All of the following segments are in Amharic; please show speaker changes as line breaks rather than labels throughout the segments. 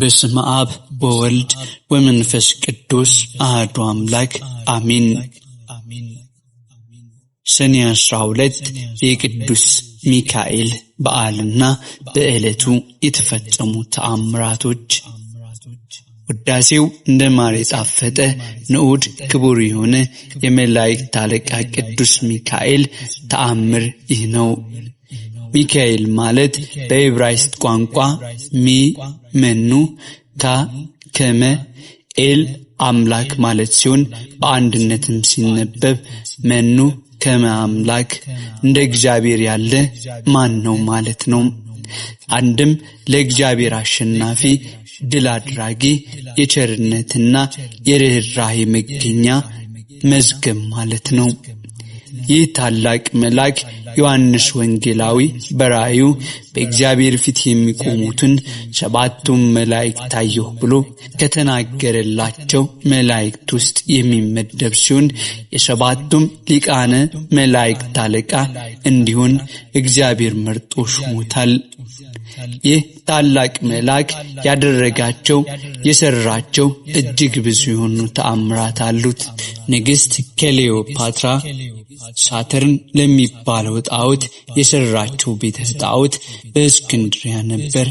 በስመ አብ በወልድ በመንፈስ ቅዱስ አህዱ አምላክ አሚን። ሰኔ አስራ ሁለት የቅዱስ ሚካኤል በዓልና በዕለቱ የተፈጸሙ ተአምራቶች። ውዳሴው እንደ ማር የጣፈጠ ንዑድ ክቡር የሆነ የመላእክት አለቃ ቅዱስ ሚካኤል ተአምር ይህ ነው። ሚካኤል ማለት በዕብራይስጥ ቋንቋ ሚ መኑ ታ ከመ ኤል አምላክ ማለት ሲሆን በአንድነትም ሲነበብ መኑ ከመ አምላክ እንደ እግዚአብሔር ያለ ማን ነው ማለት ነው። አንድም ለእግዚአብሔር አሸናፊ ድል አድራጊ የቸርነትና የርኅራኄ መገኛ መዝገብ ማለት ነው። ይህ ታላቅ መልአክ ዮሐንስ ወንጌላዊ በራእዩ በእግዚአብሔር ፊት የሚቆሙትን ሰባቱን መላእክት ታየሁ ብሎ ከተናገረላቸው መላእክት ውስጥ የሚመደብ ሲሆን የሰባቱም ሊቃነ መላእክት አለቃ እንዲሆን እግዚአብሔር መርጦ ሹሞታል። ይህ ታላቅ መልአክ ያደረጋቸው የሰራቸው እጅግ ብዙ የሆኑ ተአምራት አሉት። ንግሥት ኬሌዮፓትራ ሳተርን ለሚባለው ጣዖት የሰራቸው ቤተ ጣዖት በእስክንድሪያ ነበር።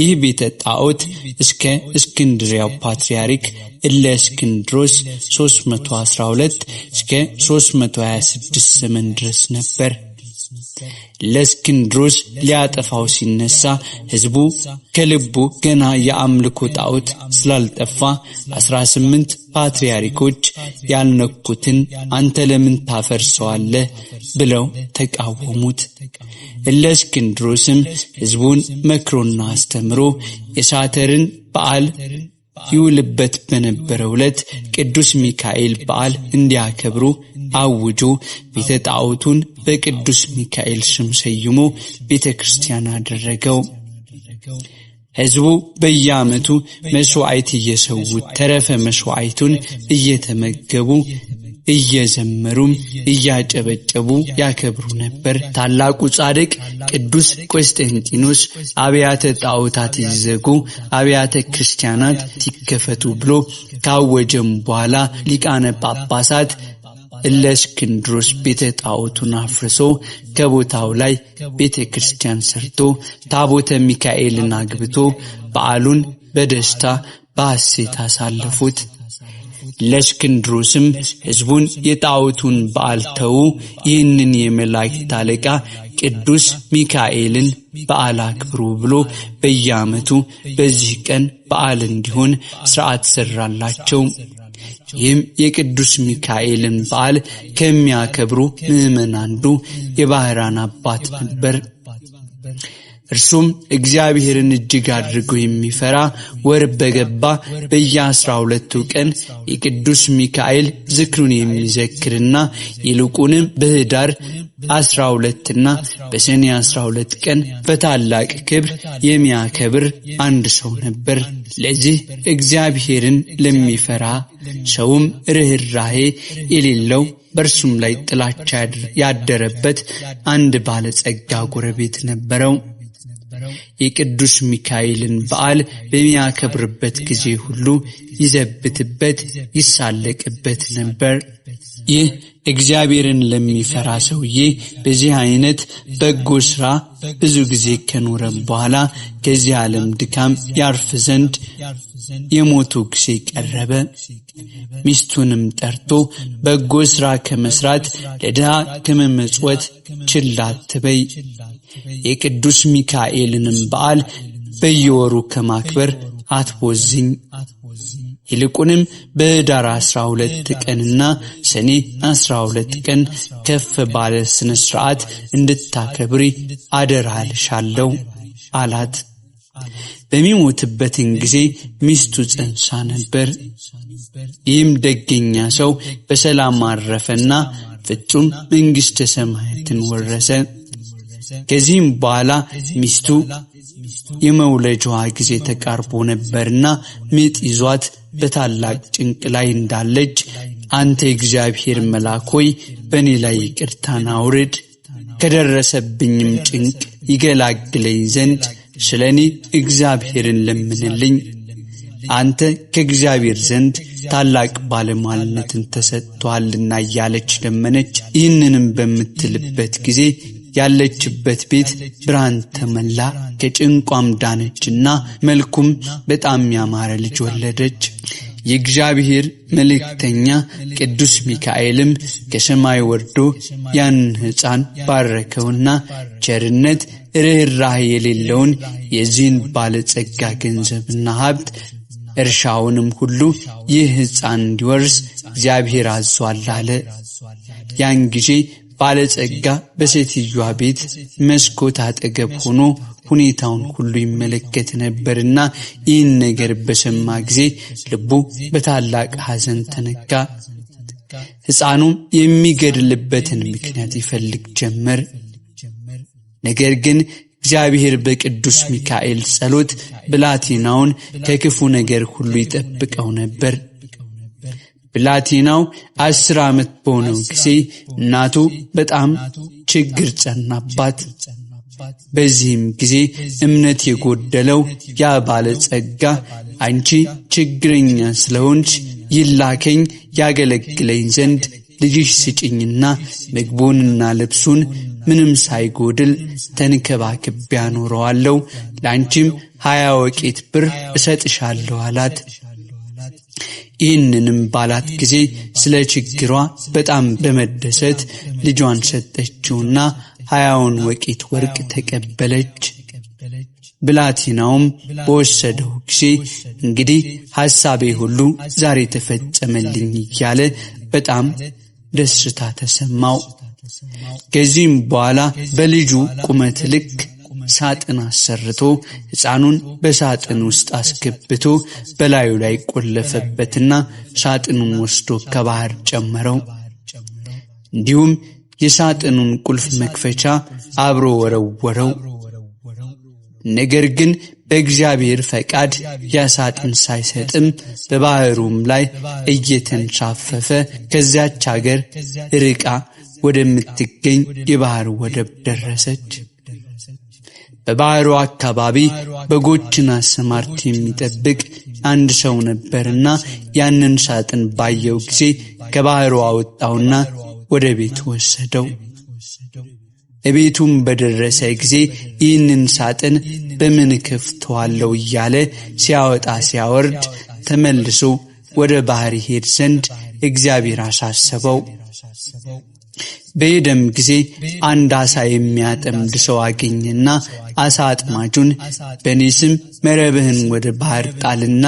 ይህ ቤተ ጣዖት እስከ እስክንድሪያው ፓትርያርክ እለ እስክንድሮስ 312 እስከ 326 ዘመን ድረስ ነበር። ለእስክንድሮስ ሊያጠፋው ሲነሳ ህዝቡ ከልቡ ገና የአምልኮ ጣዖት ስላልጠፋ አስራ ስምንት ፓትርያርኮች ያልነኩትን አንተ ለምን ታፈርሰዋለህ ብለው ተቃወሙት። እለእስክንድሮስም ህዝቡን መክሮና አስተምሮ የሳተርን በዓል ይውልበት በነበረው ዕለት ቅዱስ ሚካኤል በዓል እንዲያከብሩ አውጆ ቤተ ጣዖቱን በቅዱስ ሚካኤል ስም ሰይሞ ቤተ ክርስቲያን አደረገው። ሕዝቡ በየዓመቱ መሥዋዕት እየሰዉ ተረፈ መሥዋዕቱን እየተመገቡ እየዘመሩም እያጨበጨቡ ያከብሩ ነበር። ታላቁ ጻድቅ ቅዱስ ቆስጠንጢኖስ አብያተ ጣዖታት ይዘጉ፣ አብያተ ክርስቲያናት ይከፈቱ ብሎ ካወጀም በኋላ ሊቃነ ጳጳሳት እለእስክንድሮስ ቤተ ጣዖቱን አፍርሶ ከቦታው ላይ ቤተ ክርስቲያን ሰርቶ ታቦተ ሚካኤልን አግብቶ በዓሉን በደስታ በሐሴት አሳለፉት። ለእስክንድሮስም ሕዝቡን የጣዖቱን በዓል ተዉ፣ ይህንን የመላእክት አለቃ ቅዱስ ሚካኤልን በዓል አክብሩ ብሎ በየዓመቱ በዚህ ቀን በዓል እንዲሆን ሥርዓት ሠራላቸው። ይህም የቅዱስ ሚካኤልን በዓል ከሚያከብሩ ምዕመን አንዱ የባሕራን አባት ነበር። እርሱም እግዚአብሔርን እጅግ አድርጎ የሚፈራ ወር በገባ በየአስራ ሁለቱ ቀን የቅዱስ ሚካኤል ዝክሩን የሚዘክርና ይልቁንም በህዳር አስራ ሁለትና በሰኔ አስራ ሁለት ቀን በታላቅ ክብር የሚያከብር አንድ ሰው ነበር። ለዚህ እግዚአብሔርን ለሚፈራ ሰውም ርኅራሄ የሌለው በእርሱም ላይ ጥላቻ ያደረበት አንድ ባለጸጋ ጎረቤት ነበረው። የቅዱስ ሚካኤልን በዓል በሚያከብርበት ጊዜ ሁሉ ይዘብትበት፣ ይሳለቅበት ነበር። ይህ እግዚአብሔርን ለሚፈራ ሰውዬ በዚህ አይነት በጎ ሥራ ብዙ ጊዜ ከኖረም በኋላ ከዚህ ዓለም ድካም ያርፍ ዘንድ የሞቱ ጊዜ ቀረበ። ሚስቱንም ጠርቶ በጎ ሥራ ከመስራት ለድሃ ከመመጽወት ችላ አትበይ የቅዱስ ሚካኤልንም በዓል በየወሩ ከማክበር አትቦዝኝ። ይልቁንም በኅዳር 12 ቀንና ሰኔ 12 ቀን ከፍ ባለ ሥነ ሥርዓት እንድታከብሪ አደራልሻለሁ አላት። በሚሞትበትን ጊዜ ሚስቱ ጸንሳ ነበር። ይህም ደገኛ ሰው በሰላም አረፈና ፍጹም መንግሥተ ሰማያትን ወረሰ። ከዚህም በኋላ ሚስቱ የመውለጃዋ ጊዜ ተቃርቦ ነበርና ምጥ ይዟት በታላቅ ጭንቅ ላይ እንዳለች አንተ የእግዚአብሔር መልአክ ሆይ በእኔ ላይ ይቅርታን አውርድ፣ ከደረሰብኝም ጭንቅ ይገላግለኝ ዘንድ ስለ እኔ እግዚአብሔርን ለምንልኝ። አንተ ከእግዚአብሔር ዘንድ ታላቅ ባለሟልነትን ተሰጥቶሃልና እያለች ለመነች። ይህንንም በምትልበት ጊዜ ያለችበት ቤት ብርሃን ተመላ፣ ከጭንቋም ዳነችና መልኩም በጣም ያማረ ልጅ ወለደች። የእግዚአብሔር መልእክተኛ ቅዱስ ሚካኤልም ከሰማይ ወርዶ ያን ሕፃን ባረከውና ቸርነት ርኅራህ የሌለውን የዚህን ባለጸጋ ገንዘብና ሀብት እርሻውንም ሁሉ ይህ ሕፃን እንዲወርስ እግዚአብሔር አዟል አለ። ያን ጊዜ ባለጸጋ በሴትዮዋ ቤት መስኮት አጠገብ ሆኖ ሁኔታውን ሁሉ ይመለከት ነበርና ይህን ነገር በሰማ ጊዜ ልቡ በታላቅ ሐዘን ተነጋ። ሕፃኑም የሚገድልበትን ምክንያት ይፈልግ ጀመር። ነገር ግን እግዚአብሔር በቅዱስ ሚካኤል ጸሎት ብላቴናውን ከክፉ ነገር ሁሉ ይጠብቀው ነበር። ብላቴናው አስር ዓመት በሆነው ጊዜ እናቱ በጣም ችግር ጸናባት። በዚህም ጊዜ እምነት የጎደለው ያ ባለጸጋ አንቺ ችግረኛ ስለሆንች ይላከኝ ያገለግለኝ ዘንድ ልጅሽ ስጭኝና ምግቡንና ልብሱን ምንም ሳይጎድል ተንከባክቤ አኖረዋለሁ፣ ለአንቺም ሀያ ወቄት ብር እሰጥሻለሁ አላት። ይህንንም ባላት ጊዜ ስለ ችግሯ በጣም በመደሰት ልጇን ሰጠችውና ሀያውን ወቄት ወርቅ ተቀበለች። ብላቲናውም በወሰደው ጊዜ እንግዲህ ሐሳቤ ሁሉ ዛሬ ተፈጸመልኝ እያለ በጣም ደስታ ተሰማው። ከዚህም በኋላ በልጁ ቁመት ልክ ሳጥን አሰርቶ ሕፃኑን በሳጥን ውስጥ አስገብቶ በላዩ ላይ ቆለፈበትና ሳጥኑን ወስዶ ከባህር ጨመረው። እንዲሁም የሳጥኑን ቁልፍ መክፈቻ አብሮ ወረወረው። ነገር ግን በእግዚአብሔር ፈቃድ ያ ሳጥን ሳይሰጥም በባሕሩም ላይ እየተንሳፈፈ ከዚያች አገር ርቃ ወደምትገኝ የባሕር ወደብ ደረሰች። በባህሩ አካባቢ በጎችን አሰማርቶ የሚጠብቅ አንድ ሰው ነበርና ያንን ሳጥን ባየው ጊዜ ከባህሩ አወጣውና ወደ ቤቱ ወሰደው። እቤቱም በደረሰ ጊዜ ይህንን ሳጥን በምን ከፍተዋለው እያለ ሲያወጣ ሲያወርድ ተመልሶ ወደ ባህር ይሄድ ዘንድ እግዚአብሔር አሳሰበው። በሄደም ጊዜ አንድ አሳ የሚያጠምድ ሰው አገኘና አሳ አጥማጁን በእኔ ስም መረብህን ወደ ባህር ጣልና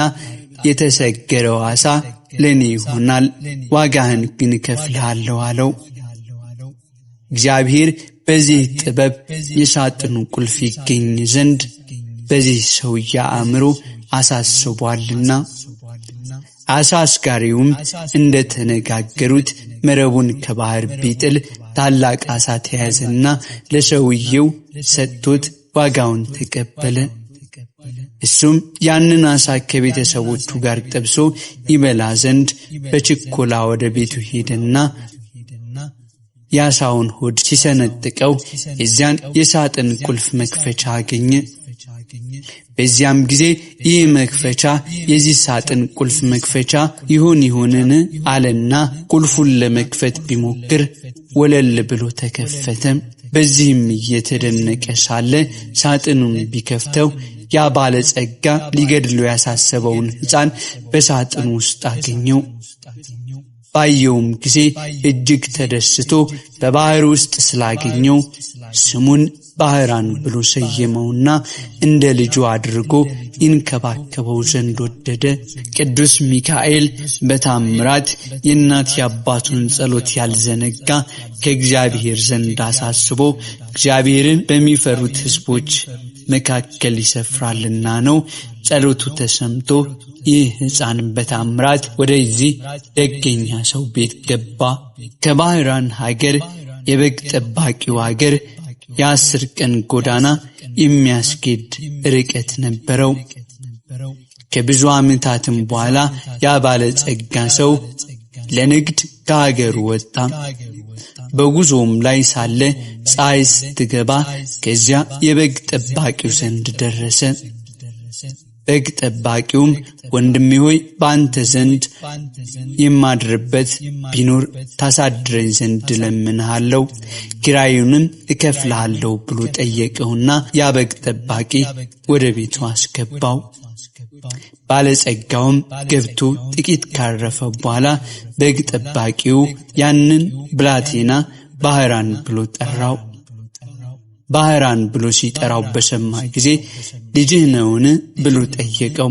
የተሰገረው አሳ ለእኔ ይሆናል፣ ዋጋህን ግን እከፍልሃለሁ አለው። እግዚአብሔር በዚህ ጥበብ የሳጥኑ ቁልፍ ይገኝ ዘንድ በዚህ ሰውዬ አእምሮ አሳስቧልና። አሳ አስጋሪውም እንደ ተነጋገሩት መረቡን ከባህር ቢጥል ታላቅ አሳ ተያዘና ለሰውየው ሰጥቶት ዋጋውን ተቀበለ። እሱም ያንን አሳ ከቤተሰቦቹ ጋር ጠብሶ ይበላ ዘንድ በችኮላ ወደ ቤቱ ሄደና የአሳውን ሆድ ሲሰነጥቀው የዚያን የሳጥን ቁልፍ መክፈቻ አገኘ። በዚያም ጊዜ ይህ መክፈቻ የዚህ ሳጥን ቁልፍ መክፈቻ ይሁን ይሁንን አለና ቁልፉን ለመክፈት ቢሞክር ወለል ብሎ ተከፈተ። በዚህም እየተደነቀ ሳለ ሳጥኑን ቢከፍተው ያ ባለጸጋ ሊገድለው ያሳሰበውን ሕፃን በሳጥኑ ውስጥ አገኘው። ባየውም ጊዜ እጅግ ተደስቶ በባሕር ውስጥ ስላገኘው ስሙን ባህራን ብሎ ሰየመውና እንደ ልጁ አድርጎ ይንከባከበው ዘንድ ወደደ። ቅዱስ ሚካኤል በታምራት የእናት የአባቱን ጸሎት ያልዘነጋ ከእግዚአብሔር ዘንድ አሳስቦ እግዚአብሔርን በሚፈሩት ሕዝቦች መካከል ይሰፍራልና ነው። ጸሎቱ ተሰምቶ ይህ ሕፃን በታምራት ወደዚህ ደገኛ ሰው ቤት ገባ። ከባህራን ሀገር የበግ ጠባቂው ሀገር የአስር ቀን ጎዳና የሚያስጌድ ርቀት ነበረው። ከብዙ ዓመታትም በኋላ ያባለ ጸጋ ሰው ለንግድ ከሀገሩ ወጣ። በጉዞም ላይ ሳለ ፀሐይ ስትገባ ከዚያ የበግ ጠባቂው ዘንድ ደረሰ። በግ ጠባቂውም ወንድሜ ሆይ በአንተ ዘንድ የማድርበት ቢኖር ታሳድረኝ ዘንድ ለምንሃለው፣ ኪራዩንም እከፍልሃለሁ ብሎ ጠየቀውና ያ በግ ጠባቂ ወደ ቤቱ አስገባው። ባለጸጋውም ገብቶ ጥቂት ካረፈ በኋላ በግ ጠባቂው ያንን ብላቴና ባህራን ብሎ ጠራው። ባህራን ብሎ ሲጠራው በሰማ ጊዜ ልጅህ ነውን ብሎ ጠየቀው።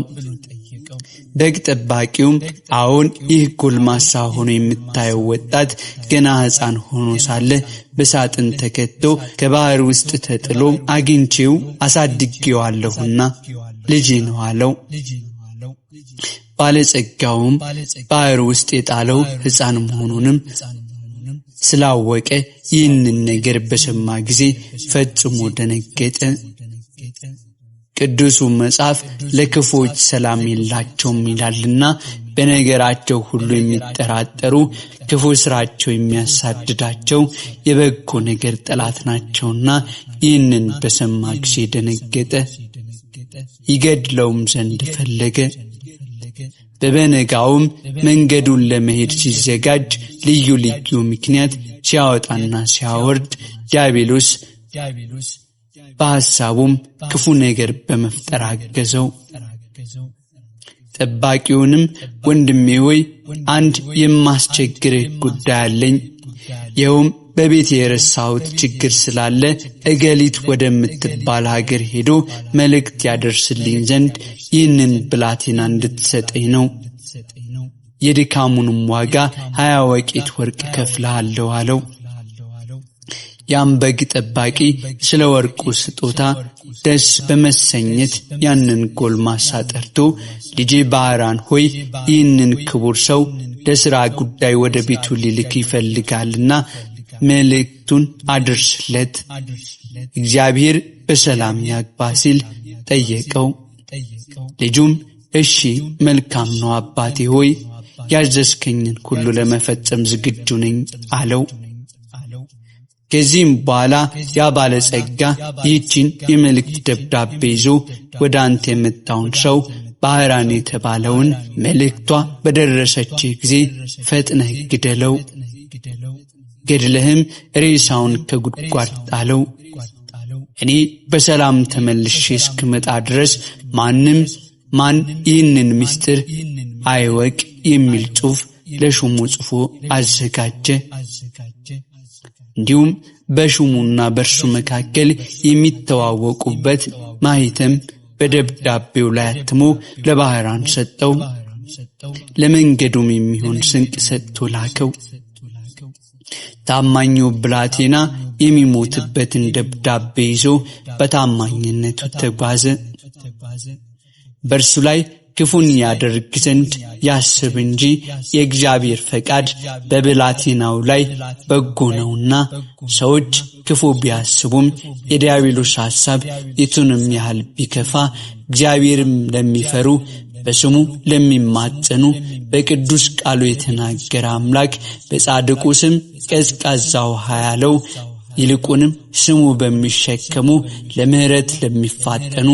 በግ ጠባቂውም አሁን ይህ ጎልማሳ ሆኖ የምታየው ወጣት ገና ሕፃን ሆኖ ሳለ በሳጥን ተከቶ ከባህር ውስጥ ተጥሎ አግኝቼው አሳድጌዋለሁና ልጅ ነው አለው። ባለጸጋውም ባህር ውስጥ የጣለው ሕፃን መሆኑንም ስላወቀ ይህንን ነገር በሰማ ጊዜ ፈጽሞ ደነገጠ። ቅዱሱ መጽሐፍ ለክፎች ሰላም የላቸውም ይላልና በነገራቸው ሁሉ የሚጠራጠሩ ክፉ ስራቸው የሚያሳድዳቸው የበጎ ነገር ጠላት ናቸውና ይህንን በሰማ ጊዜ ደነገጠ። ይገድለውም ዘንድ ፈለገ። በበነጋውም መንገዱን ለመሄድ ሲዘጋጅ ልዩ ልዩ ምክንያት ሲያወጣና ሲያወርድ ዲያብሎስ በሐሳቡም ክፉ ነገር በመፍጠር አገዘው። ጠባቂውንም ወንድሜ ወይ አንድ የማስቸግርህ ጉዳይ አለኝ፣ ይኸውም በቤት የረሳሁት ችግር ስላለ እገሊት ወደምትባል ሀገር ሄዶ መልእክት ያደርስልኝ ዘንድ ይህንን ብላቴና እንድትሰጠኝ ነው። የድካሙንም ዋጋ ሀያ ወቄት ወርቅ ከፍልሃለሁ አለው። ያም በግ ጠባቂ ስለ ወርቁ ስጦታ ደስ በመሰኘት ያንን ጎልማሳ ጠርቶ ልጄ ባህራን ሆይ ይህንን ክቡር ሰው ለሥራ ጉዳይ ወደ ቤቱ ሊልክ ይፈልጋልና መልእክቱን አድርስለት፣ እግዚአብሔር በሰላም ያግባ ሲል ጠየቀው። ልጁም እሺ መልካም ነው አባቴ ሆይ ያዘዝከኝን ሁሉ ለመፈጸም ዝግጁ ነኝ አለው። ከዚህም በኋላ ያ ባለጸጋ ይህችን የመልእክት ደብዳቤ ይዞ ወደ አንተ የመጣውን ሰው ባህራን የተባለውን መልእክቷ በደረሰች ጊዜ ፈጥነህ ግደለው ገድለህም ሬሳውን ከጉድጓድ ጣለው። እኔ በሰላም ተመልሼ እስክመጣ ድረስ ማንም ማን ይህንን ምስጢር አይወቅ የሚል ጽሑፍ ለሹሙ ጽፎ አዘጋጀ። እንዲሁም በሹሙና በእርሱ መካከል የሚተዋወቁበት ማይተም በደብዳቤው ላይ አትሞ ለባህራን ሰጠው። ለመንገዱም የሚሆን ስንቅ ሰጥቶ ላከው። ታማኙ ብላቴና የሚሞትበትን ደብዳቤ ይዞ በታማኝነቱ ተጓዘ። በእርሱ ላይ ክፉን ያደርግ ዘንድ ያስብ እንጂ የእግዚአብሔር ፈቃድ በብላቴናው ላይ በጎ ነውና፣ ሰዎች ክፉ ቢያስቡም የዲያብሎስ ሐሳብ የቱንም ያህል ቢከፋ እግዚአብሔርም ለሚፈሩ በስሙ ለሚማጸኑ በቅዱስ ቃሉ የተናገረ አምላክ በጻድቁ ስም ቀዝቃዛ ውሃ ያለው ይልቁንም ስሙ በሚሸከሙ ለምሕረት ለሚፋጠኑ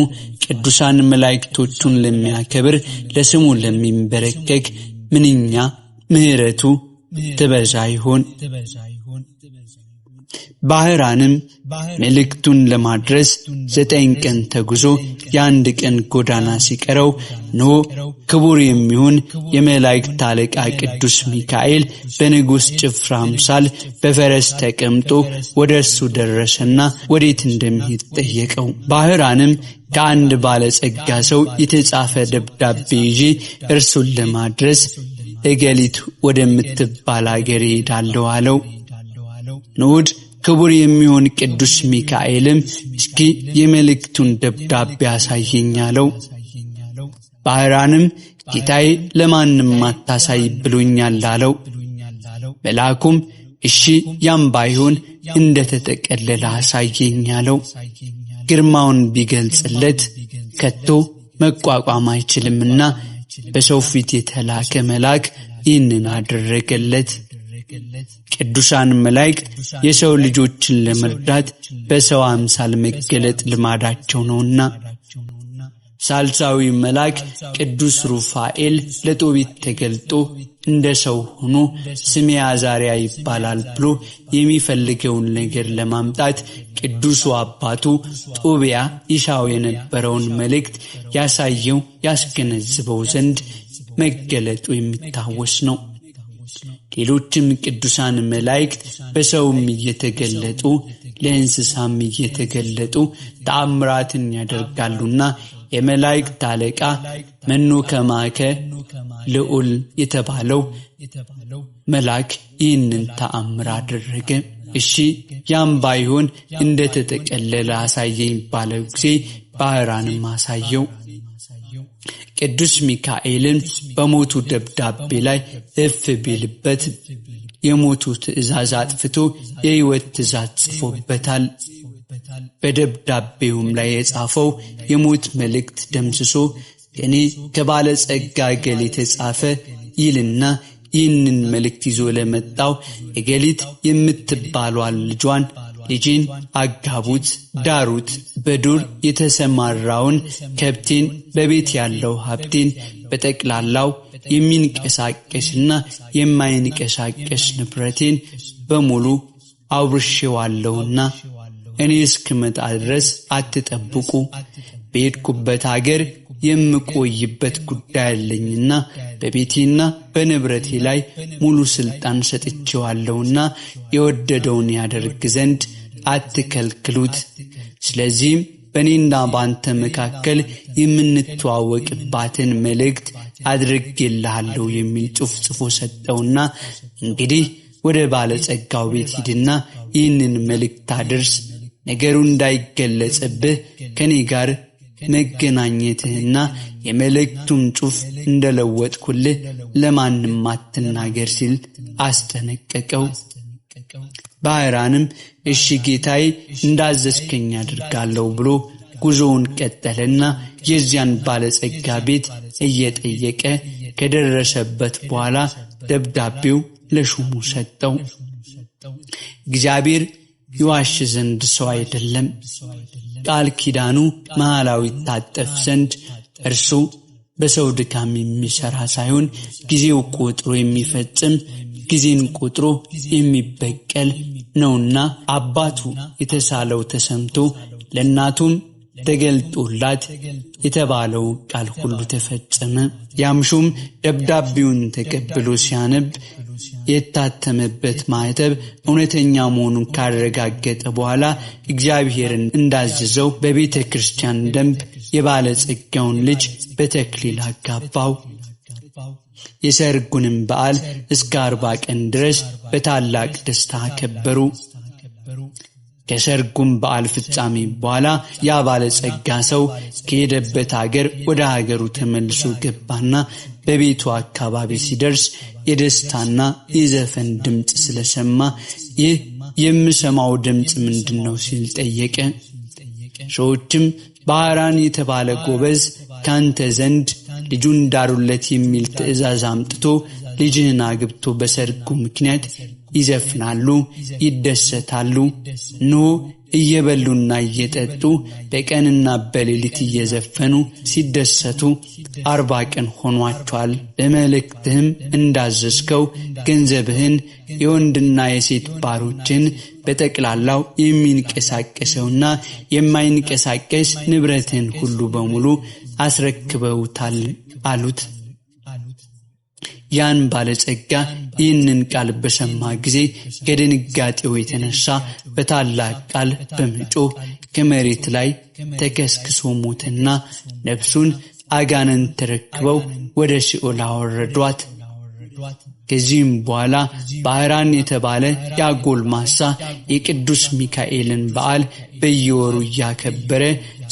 ቅዱሳን መላእክቶቹን ለሚያከብር ለስሙ ለሚንበረከክ ምንኛ ምሕረቱ ትበዛ ይሆን? ባህራንም መልእክቱን ለማድረስ ዘጠኝ ቀን ተጉዞ የአንድ ቀን ጎዳና ሲቀረው ኖ ክቡር የሚሆን የመላእክት አለቃ ቅዱስ ሚካኤል በንጉሥ ጭፍራ አምሳል በፈረስ ተቀምጦ ወደ እርሱ ደረሰና ወዴት እንደሚሄድ ጠየቀው። ባህራንም ከአንድ ባለጸጋ ሰው የተጻፈ ደብዳቤ ይዤ እርሱን ለማድረስ እገሊት ወደምትባል አገር ይሄዳለሁ አለው። ንዑድ ክቡር የሚሆን ቅዱስ ሚካኤልም እስኪ የመልእክቱን ደብዳቤ ያሳየኛለው ባህራንም ጌታዬ ለማንም አታሳይ ብሎኛል አለው። መልአኩም እሺ ያም ባይሆን እንደ ተጠቀለለ አሳየኝ አለው። ግርማውን ቢገልጽለት ከቶ መቋቋም አይችልምና በሰው ፊት የተላከ መልአክ ይህንን አደረገለት። ቅዱሳን መላእክት የሰው ልጆችን ለመርዳት በሰው አምሳል መገለጥ ልማዳቸው ነውና። ሳልሳዊ መልአክ ቅዱስ ሩፋኤል ለጦቢት ተገልጦ እንደ ሰው ሆኖ ስሜ አዛሪያ ይባላል ብሎ የሚፈልገውን ነገር ለማምጣት ቅዱሱ አባቱ ጦቢያ ይሻው የነበረውን መልእክት ያሳየው ያስገነዝበው ዘንድ መገለጡ የሚታወስ ነው። ሌሎችም ቅዱሳን መላእክት በሰውም እየተገለጡ ለእንስሳም እየተገለጡ ተአምራትን ያደርጋሉና የመላእክት አለቃ መኖ ከማከ ልዑል የተባለው መልአክ ይህንን ተአምር አደረገ። እሺ ያም ባይሆን እንደተጠቀለለ አሳየኝ ባለው ጊዜ ባህራንም አሳየው። ቅዱስ ሚካኤልን በሞቱ ደብዳቤ ላይ እፍ ቢልበት የሞቱ ትእዛዝ አጥፍቶ የሕይወት ትእዛዝ ጽፎበታል። በደብዳቤውም ላይ የጻፈው የሞት መልእክት ደምስሶ እኔ ከባለጸጋ ገል የተጻፈ ይልና ይህንን መልእክት ይዞ ለመጣው የገሊት የምትባሏል ልጇን ልጄን አጋቡት፣ ዳሩት፣ በዱር የተሰማራውን ከብቴን፣ በቤት ያለው ሀብቴን በጠቅላላው የሚንቀሳቀስና የማይንቀሳቀስ ንብረቴን በሙሉ አውርሼዋለሁና እኔ እስክመጣ ድረስ አትጠብቁ። በሄድኩበት አገር የምቆይበት ጉዳይ አለኝና በቤቴና በንብረቴ ላይ ሙሉ ሥልጣን ሰጥቼዋለሁና የወደደውን ያደርግ ዘንድ አትከልክሉት። ስለዚህም በእኔና በአንተ መካከል የምንተዋወቅባትን መልእክት አድርጌልሃለሁ የሚል ጽሑፍ ጽፎ ሰጠውና እንግዲህ ወደ ባለጸጋው ቤት ሂድና ይህንን መልእክት አድርስ። ነገሩ እንዳይገለጽብህ ከእኔ ጋር መገናኘትህና የመልእክቱን ጽሑፍ እንደለወጥኩልህ ለማንም አትናገር ሲል አስጠነቀቀው። ባህራንም እሺ ጌታዬ እንዳዘዝከኝ አድርጋለሁ ብሎ ጉዞውን ቀጠለና የዚያን ባለጸጋ ቤት እየጠየቀ ከደረሰበት በኋላ ደብዳቤው ለሹሙ ሰጠው። እግዚአብሔር ይዋሽ ዘንድ ሰው አይደለም፣ ቃል ኪዳኑ መሃላዊ ታጠፍ ዘንድ እርሱ በሰው ድካም የሚሰራ ሳይሆን ጊዜው ቆጥሮ የሚፈጽም ጊዜን ቁጥሮ የሚበቀል ነውና አባቱ የተሳለው ተሰምቶ ለእናቱም ተገልጦላት የተባለው ቃል ሁሉ ተፈጸመ። ያምሹም ደብዳቤውን ተቀብሎ ሲያነብ የታተመበት ማህተብ እውነተኛ መሆኑን ካረጋገጠ በኋላ እግዚአብሔርን እንዳዘዘው በቤተ ክርስቲያን ደንብ የባለጸጋውን ልጅ በተክሊል አጋባው። የሰርጉንም በዓል እስከ አርባ ቀን ድረስ በታላቅ ደስታ ከበሩ። ከሰርጉም በዓል ፍጻሜ በኋላ ያ ባለጸጋ ሰው ከሄደበት አገር ወደ አገሩ ተመልሶ ገባና በቤቱ አካባቢ ሲደርስ የደስታና የዘፈን ድምፅ ስለሰማ ይህ የምሰማው ድምፅ ምንድን ነው ሲል ጠየቀ። ሰዎችም ባህራን የተባለ ጎበዝ ካንተ ዘንድ ልጁን ዳሩለት የሚል ትዕዛዝ አምጥቶ ልጅህን አግብቶ በሰርጉ ምክንያት ይዘፍናሉ፣ ይደሰታሉ። ኖ እየበሉና እየጠጡ በቀንና በሌሊት እየዘፈኑ ሲደሰቱ አርባ ቀን ሆኗቸዋል። በመልእክትህም እንዳዘዝከው ገንዘብህን የወንድና የሴት ባሮችን በጠቅላላው የሚንቀሳቀሰውና የማይንቀሳቀስ ንብረትህን ሁሉ በሙሉ አስረክበውታል አሉት። ያን ባለጸጋ ይህንን ቃል በሰማ ጊዜ ከድንጋጤው የተነሳ በታላቅ ቃል በመጮ ከመሬት ላይ ተከስክሶ ሞተና ነፍሱን አጋንንት ተረክበው ወደ ሲኦል አወረዷት። ከዚህም በኋላ ባህራን የተባለ የአጎልማሳ የቅዱስ ሚካኤልን በዓል በየወሩ እያከበረ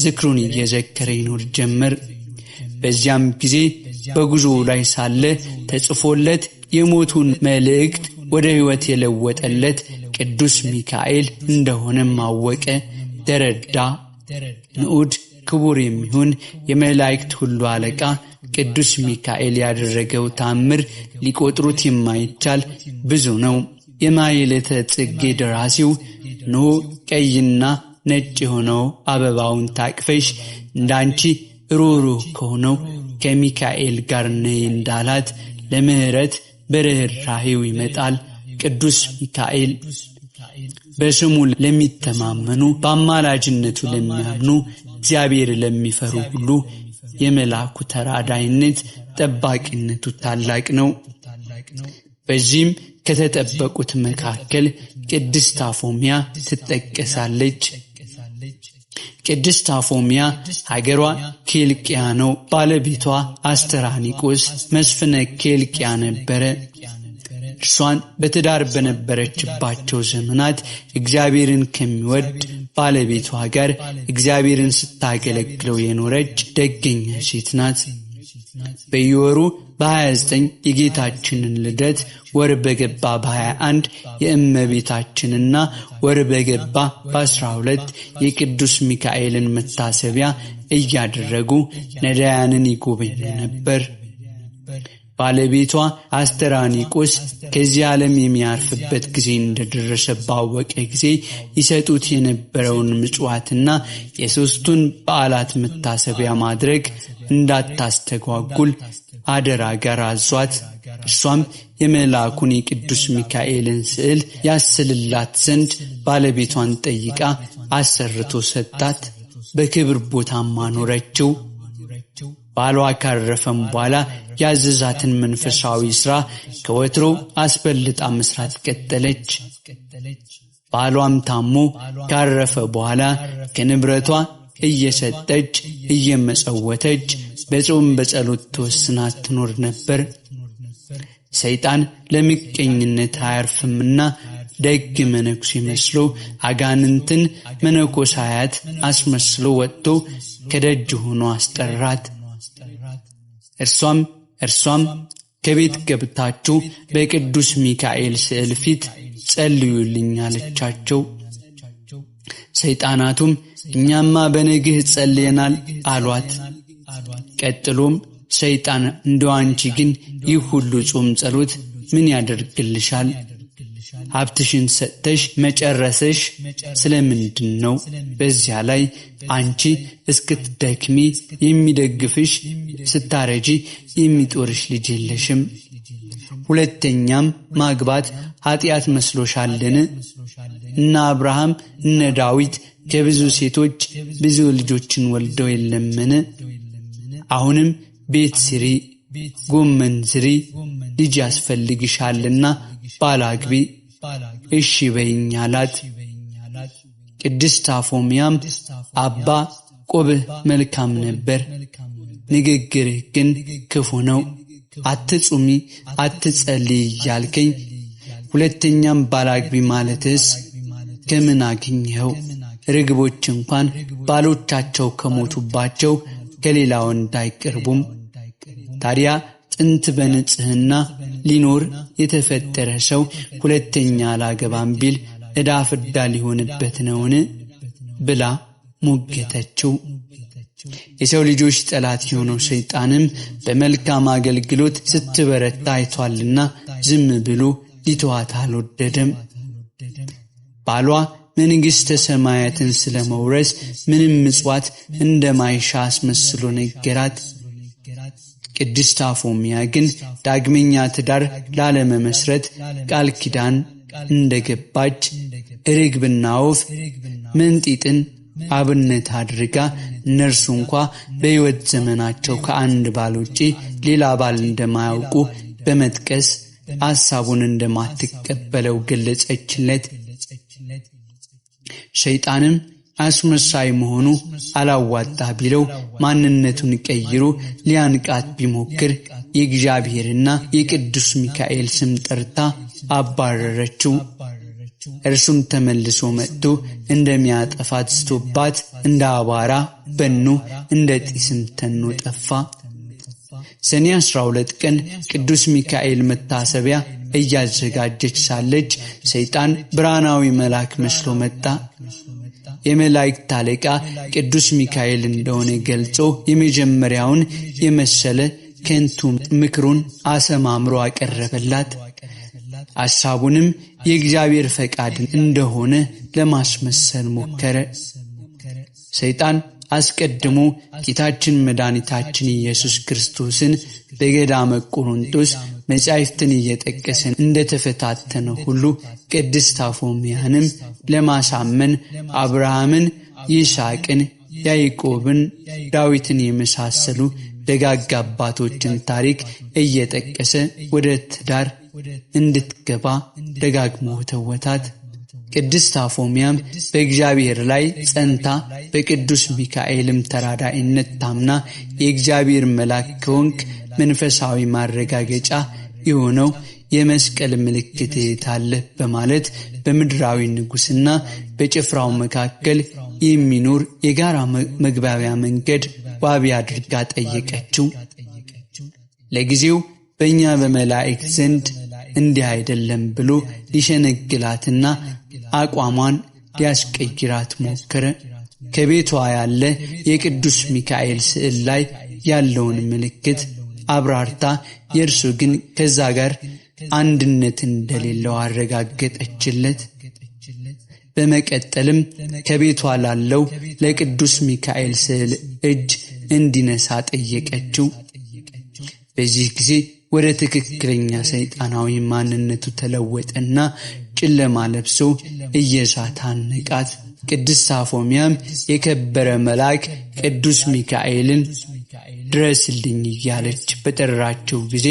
ዝክሩን እየዘከረ ይኖር ጀመር። በዚያም ጊዜ በጉዞ ላይ ሳለ ተጽፎለት የሞቱን መልእክት ወደ ሕይወት የለወጠለት ቅዱስ ሚካኤል እንደሆነም አወቀ፣ ተረዳ። ንዑድ ክቡር የሚሆን የመላእክት ሁሉ አለቃ ቅዱስ ሚካኤል ያደረገው ታምር ሊቆጥሩት የማይቻል ብዙ ነው። የማኅሌተ ጽጌ ደራሲው ኖ ቀይና ነጭ የሆነው አበባውን ታቅፈሽ እንዳንቺ ሩህሩህ ከሆነው ከሚካኤል ጋር ነይ እንዳላት ለምሕረት በርኅራሄው ይመጣል። ቅዱስ ሚካኤል በስሙ ለሚተማመኑ በአማላጅነቱ ለሚያምኑ እግዚአብሔር ለሚፈሩ ሁሉ የመልአኩ ተራዳይነት ጠባቂነቱ ታላቅ ነው። በዚህም ከተጠበቁት መካከል ቅድስት አፎሚያ ትጠቀሳለች። ቅድስት አፎሚያ ሀገሯ ኬልቅያ ነው። ባለቤቷ አስተራኒቆስ መስፍነ ኬልቅያ ነበረ። እርሷን በትዳር በነበረችባቸው ዘመናት እግዚአብሔርን ከሚወድ ባለቤቷ ጋር እግዚአብሔርን ስታገለግለው የኖረች ደገኛ ሴት ናት። በየወሩ በ29 የጌታችንን ልደት ወር በገባ በ21 የእመቤታችንና ወር በገባ በ12 የቅዱስ ሚካኤልን መታሰቢያ እያደረጉ ነዳያንን ይጎበኙ ነበር። ባለቤቷ አስተራኒቆስ ከዚህ ዓለም የሚያርፍበት ጊዜ እንደደረሰ ባወቀ ጊዜ ይሰጡት የነበረውን ምጽዋትና የሦስቱን በዓላት መታሰቢያ ማድረግ እንዳታስተጓጉል አደራ ጋር አዟት እሷም የመልአኩን የቅዱስ ሚካኤልን ስዕል ያስልላት ዘንድ ባለቤቷን ጠይቃ አሰርቶ ሰጣት። በክብር ቦታም አኖረችው። ባሏ ካረፈም በኋላ ያዘዛትን መንፈሳዊ ሥራ ከወትሮ አስበልጣ መስራት ቀጠለች። ባሏም ታሞ ካረፈ በኋላ ከንብረቷ እየሰጠች እየመጸወተች በጾም በጸሎት ተወስና ትኖር ነበር። ሰይጣን ለምቀኝነት አያርፍምና ደግ መነኩሴ መስሎ አጋንንትን መነኮሳያት አስመስሎ ወጥቶ ከደጅ ሆኖ አስጠራት። እርሷም እርሷም ከቤት ገብታችሁ በቅዱስ ሚካኤል ስዕል ፊት ጸልዩልኝ አለቻቸው። ሰይጣናቱም እኛማ በነግህ ጸልየናል አሏት። ቀጥሎም ሰይጣን እንደ አንቺ ግን ይህ ሁሉ ጾም ጸሎት ምን ያደርግልሻል? ሀብትሽን ሰጥተሽ መጨረሰሽ ስለምንድን ነው? በዚያ ላይ አንቺ እስክትደክሚ የሚደግፍሽ ስታረጂ የሚጦርሽ ልጅ የለሽም። ሁለተኛም ማግባት ኃጢአት መስሎሻልን? እነ አብርሃም እነ ዳዊት ከብዙ ሴቶች ብዙ ልጆችን ወልደው የለምን? አሁንም ቤት ስሪ፣ ጎመን ስሪ፣ ልጅ ያስፈልግሻልና ባላግቢ እሺ በይኝ አላት። ቅድስት አፎሚያም አባ ቆብህ መልካም ነበር፣ ንግግርህ ግን ክፉ ነው። አትጹሚ አትጸልይ እያልከኝ ሁለተኛም ባላግቢ ማለትስ ከምን አግኘኸው? ርግቦች እንኳን ባሎቻቸው ከሞቱባቸው ከሌላ ወንድ አይቀርቡም። ታዲያ ጥንት በንጽህና ሊኖር የተፈጠረ ሰው ሁለተኛ አላገባም ቢል ዕዳ ፍዳ ሊሆንበት ነውን? ብላ ሞገተችው። የሰው ልጆች ጠላት የሆነው ሰይጣንም በመልካም አገልግሎት ስትበረታ አይቷልና ዝም ብሎ ሊተዋት አልወደደም። ባሏ መንግሥተ ሰማያትን ስለ መውረስ ምንም ምጽዋት እንደማይሻ አስመስሎ ነገራት። ቅድስት አፎሚያ ግን ዳግመኛ ትዳር ላለመመስረት ቃል ኪዳን እንደገባች ርግብና ወፍ መንጢጥን አብነት አድርጋ እነርሱ እንኳ በሕይወት ዘመናቸው ከአንድ ባል ውጪ ሌላ ባል እንደማያውቁ በመጥቀስ አሳቡን እንደማትቀበለው ገለጸችለት። ሸይጣንም አስመሳይ መሆኑ አላዋጣ ቢለው ማንነቱን ቀይሮ ሊያንቃት ቢሞክር የእግዚአብሔርና የቅዱስ ሚካኤል ስም ጠርታ አባረረችው። እርሱም ተመልሶ መጥቶ እንደሚያጠፋት ስቶባት እንደ አቧራ በኖ እንደ ጢስም ተኖ ጠፋ። ሰኔ 12 ቀን ቅዱስ ሚካኤል መታሰቢያ እያዘጋጀች ሳለች ሰይጣን ብርሃናዊ መልአክ መስሎ መጣ። የመላእክት አለቃ ቅዱስ ሚካኤል እንደሆነ ገልጾ የመጀመሪያውን የመሰለ ከንቱ ምክሩን አሰማምሮ አቀረበላት። ሐሳቡንም የእግዚአብሔር ፈቃድ እንደሆነ ለማስመሰል ሞከረ። ሰይጣን አስቀድሞ ጌታችን መድኃኒታችን ኢየሱስ ክርስቶስን በገዳመ ቆሮንጦስ መጻሕፍትን እየጠቀሰን እንደተፈታተነ ሁሉ ቅድስት አፎሚያንም ለማሳመን አብርሃምን፣ ይስሐቅን፣ ያዕቆብን፣ ዳዊትን የመሳሰሉ ደጋግ አባቶችን ታሪክ እየጠቀሰ ወደ ትዳር እንድትገባ ደጋግሞ ተወታት። ቅድስት አፎምያም በእግዚአብሔር ላይ ጸንታ በቅዱስ ሚካኤልም ተራዳይነት ታምና የእግዚአብሔር መልአክ ከወንክ መንፈሳዊ ማረጋገጫ የሆነው የመስቀል ምልክት ታለ በማለት በምድራዊ ንጉሥና በጭፍራው መካከል የሚኖር የጋራ መግባቢያ መንገድ ዋቢ አድርጋ ጠየቀችው። ለጊዜው በእኛ በመላእክት ዘንድ እንዲህ አይደለም ብሎ ሊሸነግላትና አቋሟን ሊያስቀይራት ሞከረ። ከቤቷ ያለ የቅዱስ ሚካኤል ስዕል ላይ ያለውን ምልክት አብራርታ የእርሱ ግን ከዛ ጋር አንድነት እንደሌለው አረጋገጠችለት። በመቀጠልም ከቤቷ ላለው ለቅዱስ ሚካኤል ስዕል እጅ እንዲነሳ ጠየቀችው። በዚህ ጊዜ ወደ ትክክለኛ ሰይጣናዊ ማንነቱ ተለወጠና ጨለማ ለብሶ እየዛታ ንቃት። ቅድስት ሳፎሚያም የከበረ መልአክ ቅዱስ ሚካኤልን ድረስልኝ እያለች በጠራቸው ጊዜ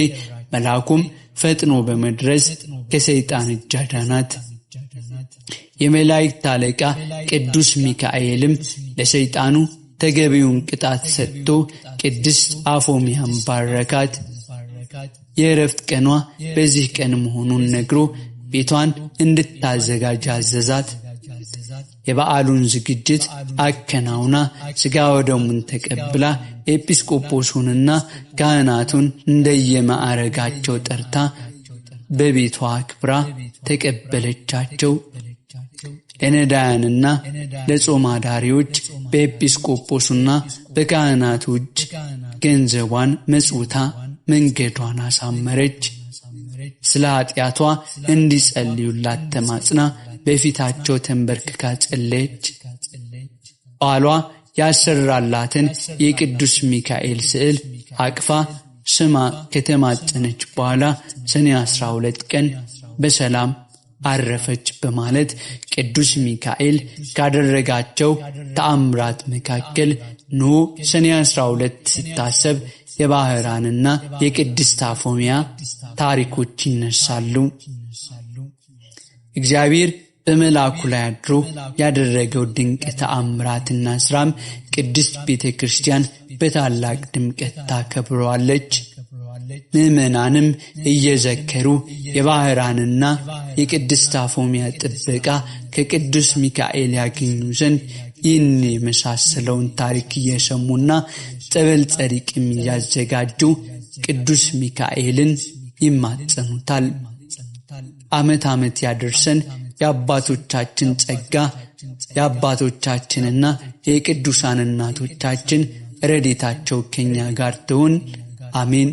መልአኩም ፈጥኖ በመድረስ ከሰይጣን እጅ አዳናት። የመላእክት አለቃ ቅዱስ ሚካኤልም ለሰይጣኑ ተገቢውን ቅጣት ሰጥቶ ቅድስት አፎሚያን ባረካት። የእረፍት ቀኗ በዚህ ቀን መሆኑን ነግሮ ቤቷን እንድታዘጋጅ አዘዛት። የበዓሉን ዝግጅት አከናውና ስጋ ወደሙን ተቀብላ ኤጲስቆጶሱንና ካህናቱን እንደየማዕረጋቸው ጠርታ በቤቷ አክብራ ተቀበለቻቸው። ለነዳያንና ለጾም አዳሪዎች በኤጲስቆጶሱና በካህናቱ እጅ ገንዘቧን መጽውታ መንገዷን አሳመረች። ስለ ኃጢአቷ እንዲጸልዩላት ተማጽና በፊታቸው ተንበርክካ ጸለየች። ባሏ ያሰራላትን የቅዱስ ሚካኤል ስዕል አቅፋ ስማ ከተማጸነች በኋላ ሰኔ 12 ቀን በሰላም አረፈች በማለት ቅዱስ ሚካኤል ካደረጋቸው ተአምራት መካከል ኖ ሰኔ 12 ሲታሰብ የባህራንና የቅድስት አፎሚያ ታሪኮች ይነሳሉ። እግዚአብሔር በመልአኩ ላይ አድሮ ያደረገው ድንቅ ተአምራትና ስራም ቅድስት ቤተ ክርስቲያን በታላቅ ድምቀት ታከብረዋለች። ምዕመናንም እየዘከሩ የባህራንና የቅድስት አፎሚያ ጥበቃ ከቅዱስ ሚካኤል ያገኙ ዘንድ ይህን የመሳሰለውን ታሪክ እየሰሙና ጸበል ጸሪቅም እያዘጋጁ ቅዱስ ሚካኤልን ይማጸኑታል። ዓመት ዓመት ያደርሰን የአባቶቻችን ጸጋ የአባቶቻችንና የቅዱሳን እናቶቻችን ረዴታቸው ከኛ ጋር ትሁን። አሜን።